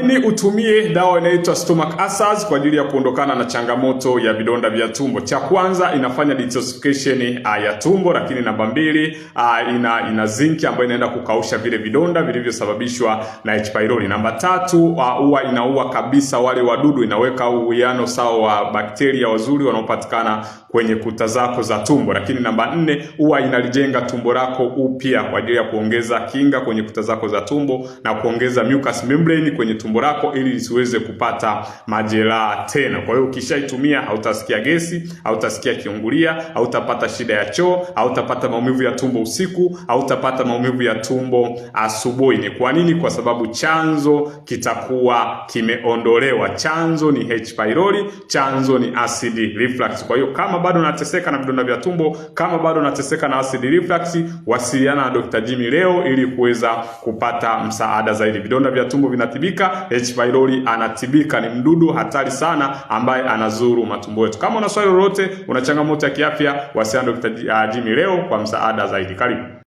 Ini utumie dawa inaitwa stomach acids kwa ajili ya kuondokana na changamoto ya vidonda vya tumbo. Cha kwanza inafanya detoxification ah, ya tumbo, lakini namba mbili ah, ina, ina zinc ambayo inaenda kukausha vile vidonda vilivyosababishwa na H pylori. Namba tatu ah, huwa inaua kabisa wale wadudu, inaweka uwiano sawa wa bakteria wazuri wanaopatikana kwenye kuta zako za tumbo. Lakini namba nne huwa inalijenga tumbo lako upya kwa ajili ya kuongeza kinga kwenye kuta zako za tumbo na kuongeza mucous membrane kwenye tumbo lako ili lisiweze kupata majeraha tena. Kwa hiyo ukishaitumia, hautasikia gesi, hautasikia kiungulia, hautapata shida ya choo, hautapata maumivu ya tumbo usiku, hautapata maumivu ya tumbo asubuhi. Ni kwa nini? Kwa sababu chanzo kitakuwa kimeondolewa. Chanzo ni H pylori, chanzo ni acid reflux. Kwa hiyo kama bado unateseka na vidonda vya tumbo, kama bado unateseka na acid reflux, wasiliana na Dr. Jimmy leo ili kuweza kupata msaada zaidi. Vidonda vya tumbo vinatibika. H. pylori anatibika. Ni mdudu hatari sana ambaye anazuru matumbo yetu. Kama una swali lolote, una changamoto ya kiafya, wasiliana na Dr. Uh, Jimmy leo kwa msaada zaidi. Karibu.